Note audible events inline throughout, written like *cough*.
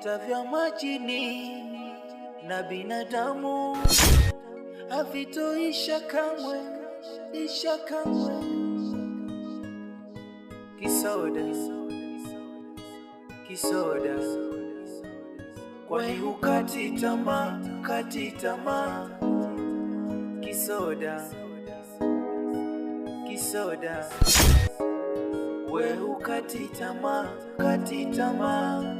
vita vya majini na binadamu havitoisha kamwe, isha kamwe. Kisoda, kisoda, kwani hukati tamaa, kati tamaa. Kisoda, kisoda, we hukati tamaa, kati tamaa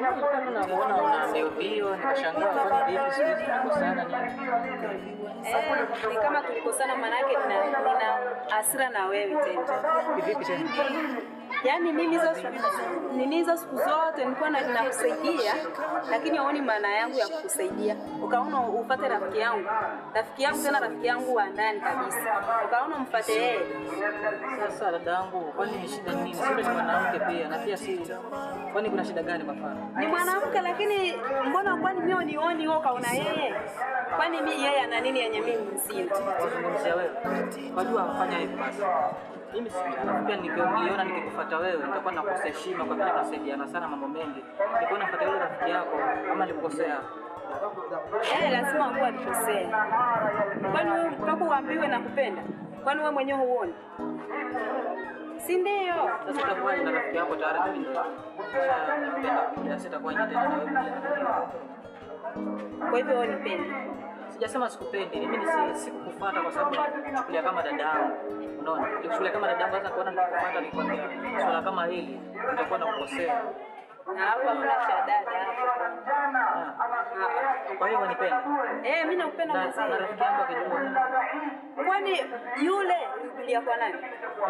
naona niliubiwa, nikashangaa kwani vipi, sijui tulikosana nini. Eh, ni kama tulikosana, maanake nina hasira na wewe tena. Vipi tena? Yaani mimi nini hizo siku zote nilikuwa ninakusaidia lakini haoni maana yangu ya kukusaidia. Ukaona ufuate rafiki yangu, rafiki yangu tena rafiki yangu wa ndani kabisa, ukaona umfuate yeye. Sasa dada yangu, kwani ni shida nini? Sio mwanamke pia, na pia si kwani kuna shida gani? Kwa ni mwanamke, lakini mbona kwani mimi nioni wewe kaona yeye? Kwani mimi yeye ana nini yenye mimi sina? Wajua afanya hivyo basi mimi sikufikia nikiona nikikufuata wewe nitakuwa nakosa heshima kwa vile tunasaidiana sana mambo mengi. Nikiona nafuata yule rafiki yako ama nilikosea? Eh, lazima uwe alikosea. Kwani wewe mpaka uambiwe na kupenda? Kwani wewe mwenyewe huoni? Si ndio? Sasa utakuwa na rafiki yako tayari mimi. Sasa napenda kuja, tena na wewe. Kwa hivyo wewe nipende sijasema sikupendi, mimi ni sikukufuata kwa sababu nachukulia kama dadangu, unaona, nikuchukulia kama dadangu. Sasa kuona nikufuata ni kwambia swala kama hili nitakuwa na na kukosea hapo mna nakukosea. Ah. Kwa hiyo unanipenda? Eh, mimi nakupenda. Na rafiki yangu akijua, kwani yule kulia kwa nani?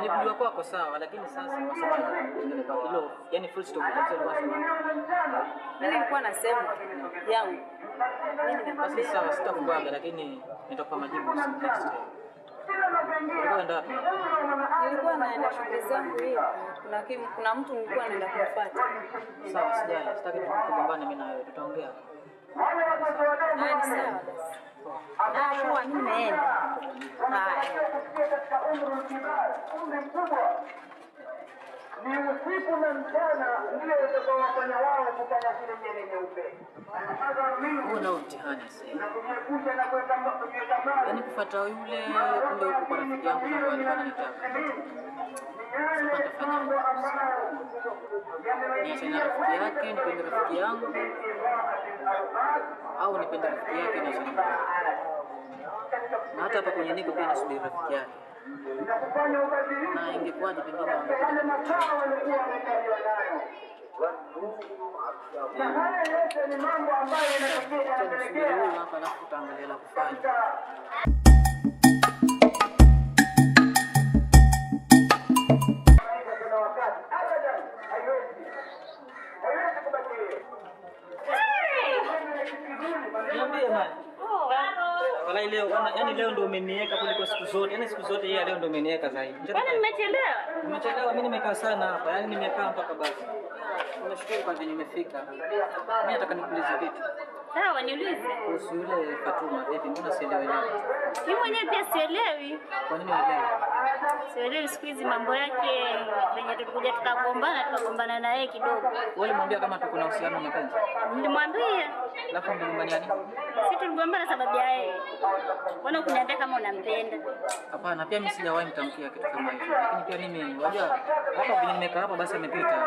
Ni kulia kwako sawa, lakini sasa kwa kilo, yani full stop kwa sababu mimi nilikuwa nasema yangu. Basi sawa, sitakubwaga lakini nitakupa majibu next time. Nilikuwa naenda shughuli zangu hivi. Kuna kuna mtu nilikuwa naenda kumfuata. Sawa, sijali. Sitaki tukugombane mimi na wewe. Tutaongea. Nani sawa basi. Shua, mimi nimeenda. Haya, umri mkubwa ni usiku na mchana, ndio utakaowafanya wao kufanya kile chenye nyeupe. Huo nao mtihani sasa, yaani kufuata yule kumbe huko kwa rafiki yangu na alikuwa ananitaka tukatafanya niachane rafiki yake, nipende rafiki yangu, au nipende rafiki yake niachane naye. Na hata hapa kwenye niko pia nasubiri rafiki yake, na ingekuwaje pengine na haya yote ni mambo ambayo yanatokea, yanapelekea hapa, alafu tutaangalia la kufanya. sana. Walai leo yani leo ndio umeniweka kuliko siku zote. Yaani siku zote yeye leo ndio umeniweka zaidi. Bwana nimechelewa. Nimechelewa mimi nimekaa sana hapa. yani nimekaa mpaka basi. Nashukuru kwa venye umefika. Mimi nataka nikuulize kitu. Sawa, niulize. Kuhusu yule Fatuma eh, vipi? Mbona sielewi naye? mwenyewe pia sielewi. Kwa nini uelewi? Sielewi siku hizi mambo yake venye tulikuja tukagombana tukagombana na yeye kidogo. Wewe ulimwambia kama tuko na uhusiano mapenzi? Nilimwambia. Alafu mligombania nini? Si tuligombana sababu ya yeye. Mbona ukuniambia kama unampenda? Hapana, pia mimi sijawahi mtamkia kitu kama hicho. Lakini pia mimi wajua hapa vile nimekaa hapa basi amepita.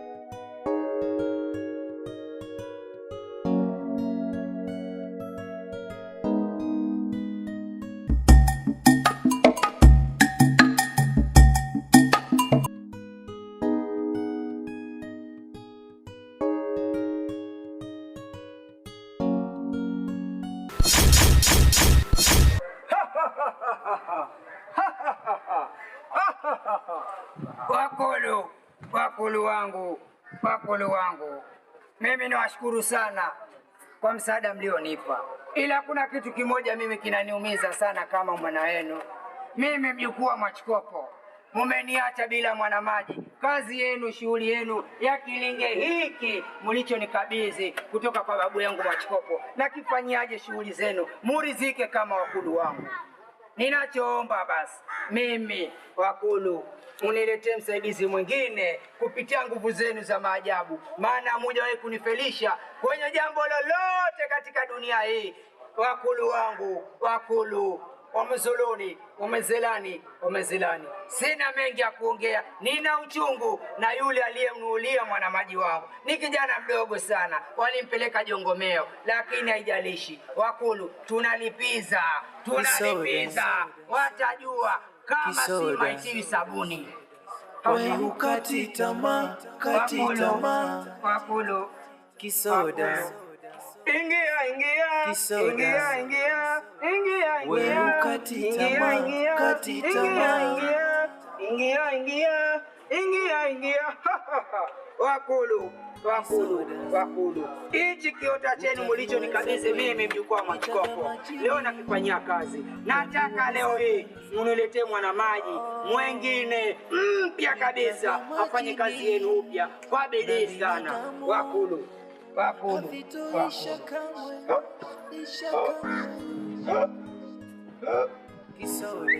nawashukuru sana kwa msaada mlionipa, ila kuna kitu kimoja mimi kinaniumiza sana kama mwana wenu. Mimi mjukuu wa Mwachikopo, mumeniacha bila mwana maji Kazi yenu shughuli yenu ya kilinge hiki mlichonikabidhi kutoka kwa babu yangu Mwachikopo, na kifanyiaje shughuli zenu, murizike kama wakudu wangu. Ninachoomba basi mimi wakulu uniletee msaidizi mwingine kupitia nguvu zenu za maajabu, maana hamujawahi kunifelisha kwenye jambo lolote katika dunia hii. Wakulu wangu, wakulu wamezoloni, Wamezelani, Wamezelani. Sina mengi ya kuongea, nina uchungu na yule aliyemnuulia mwanamaji wangu. Ni kijana mdogo sana, walimpeleka Jongomeo, lakini haijalishi. Wakulu tunalipiza, tunalipiza, watajua kama simaitiwi sabuni. Wakulu, Kisoda. Ingia, ingia, ingia, ingia, ingia, ingia ingia ingia ingia ingia, ingia, ingia, ingia, wakulu wakulu wakulu, hichi kiota chenu mulicho nikabidhi mimi mjukuu wa Mwakikopo, leo nakifanyia kazi. Nataka leo hii muniletee mwana maji oh. mwengine mpya kabisa afanye kazi yenu upya kwa bidii sana, wakulu havitoisha kamwe, Kisoda,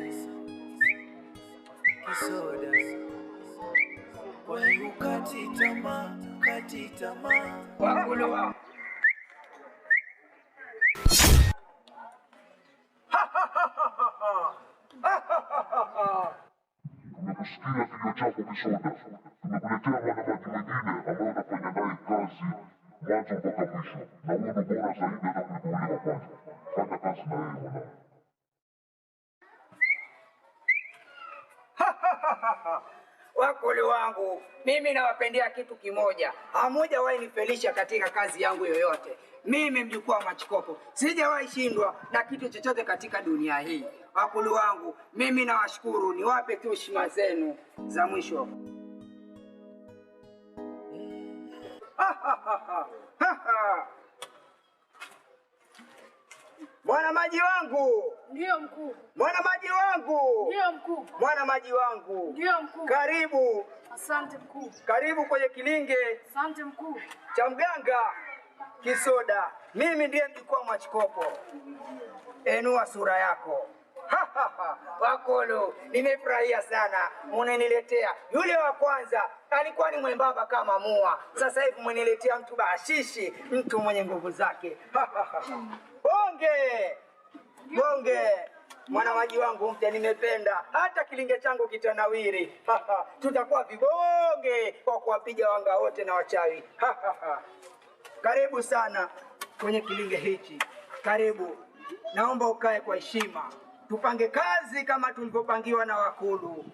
kisoda, chako Kisoda, tumekuletea mwanamaki mwingine ambayo utafanya naye kazi mwanzo mpaka mwisho, na huo ndio bora zaidi hata kuliko ule wa kwanza. Fanya kazi na Wakuli wangu mimi nawapendea kitu kimoja, hamuja wahi nifelisha katika kazi yangu yoyote. Mimi mjukuu wa Machikopo sijawahi shindwa na kitu chochote katika dunia hii. Wakuli wangu mimi nawashukuru, niwape tu heshima zenu za mwisho. Mwana *laughs* maji wangu. Ndio mkuu. Mwana maji wangu. Ndio mkuu. Mwana maji wangu. Ndio mkuu. Karibu. Asante mkuu. Karibu kwenye kilinge. Asante mkuu. Cha mganga kisoda. Mimi ndiye mjukuu wa Mwachikopo. Enua sura yako. Wakolo, nimefurahia sana muneniletea. Yule wa kwanza alikuwa ni mwembamba kama mua, sasa hivi mweniletea mtu bashishi, mtu mwenye nguvu zake. Bonge bonge, mwanamaji wangu mpya, nimependa hata kilinge changu kitanawiri. Tutakuwa vibonge kwa kuwapiga wanga wote na wachawi. Karibu sana kwenye kilinge hichi, karibu. Naomba ukae kwa heshima tupange kazi kama tulivyopangiwa na wakulu.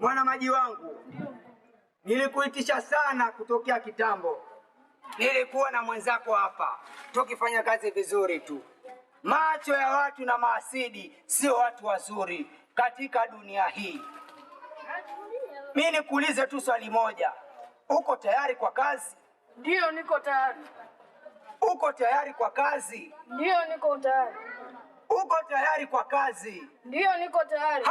Mwana maji wangu, nilikuitisha sana kutokea kitambo, nilikuwa na mwenzako hapa tukifanya kazi vizuri tu. Macho ya watu na maasidi sio watu wazuri katika dunia hii. Mimi nikuulize tu swali moja, uko tayari kwa kazi? ndio niko tayari. Uko tayari kwa kazi? Ndio, niko tayari. Uko tayari kwa kazi? Ndio, niko tayari.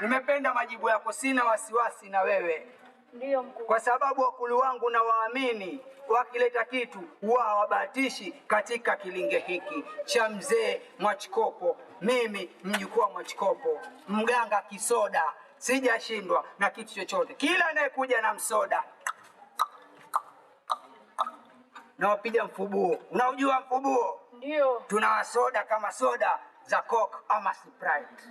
Nimependa majibu yako, sina wasiwasi na wewe. Ndio mkuu. Kwa sababu wakulu wangu na waamini wakileta kitu huwa hawabahatishi katika kilinge hiki cha mzee Mwachikopo. Mimi mjukuu wa Mwachikopo, mganga kisoda, sijashindwa na kitu chochote. Kila anayekuja na msoda nawapiga mfubuo. Unaujua mfubuo? Ndio. Tuna soda kama soda za Coke ama Sprite,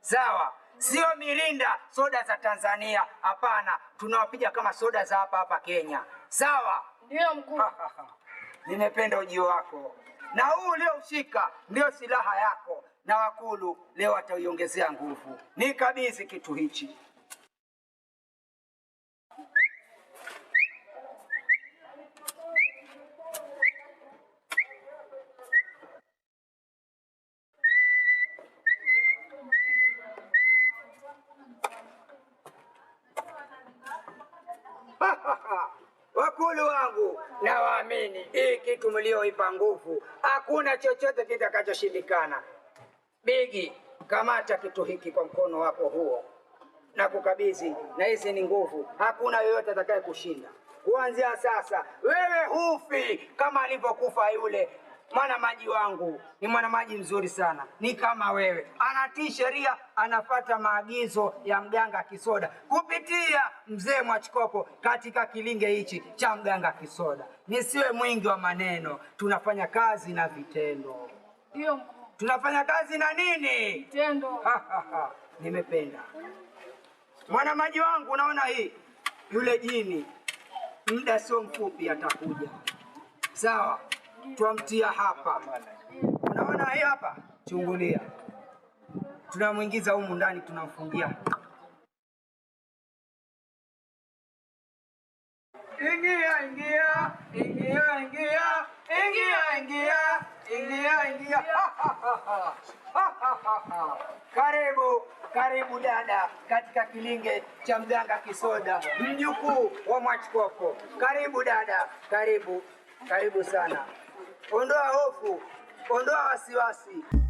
sawa? Sio mirinda, soda za Tanzania, hapana. Tunawapiga kama soda za hapa hapa Kenya, sawa? Ndio mkuu. Nimependa ujio wako, na huu ulioushika ndio silaha yako, na wakulu leo wataiongezea nguvu. ni Nikabidhi kitu hichi. kitu mlioipa nguvu, hakuna chochote kitakachoshindikana. Bigi, kamata kitu hiki kwa mkono wako huo na kukabidhi, na hizi ni nguvu, hakuna yoyote atakaye kushinda kuanzia sasa. Wewe hufi kama alivyokufa yule mwana maji wangu ni mwana maji mzuri sana, ni kama wewe. Anatii sheria, anafata maagizo ya mganga Kisoda kupitia mzee Mwachikopo katika kilinge hichi cha mganga Kisoda. Nisiwe mwingi wa maneno, tunafanya kazi na vitendo. Ndio, tunafanya kazi na nini? Vitendo. Nimependa mwana maji wangu. Unaona hii, yule jini muda sio mfupi atakuja. Sawa twamtia hapa, unaona hii hapa, chungulia, tunamwingiza humu ndani, tunamfungia Ingia, ingia, ingia, ingia, ingia, ingia, ingia, ingia. *laughs* Karibu, karibu dada, katika kilinge cha mganga Kisoda, mjukuu wa Mwachikoko. Karibu dada, karibu, karibu sana ondoa hofu, ondoa wasiwasi.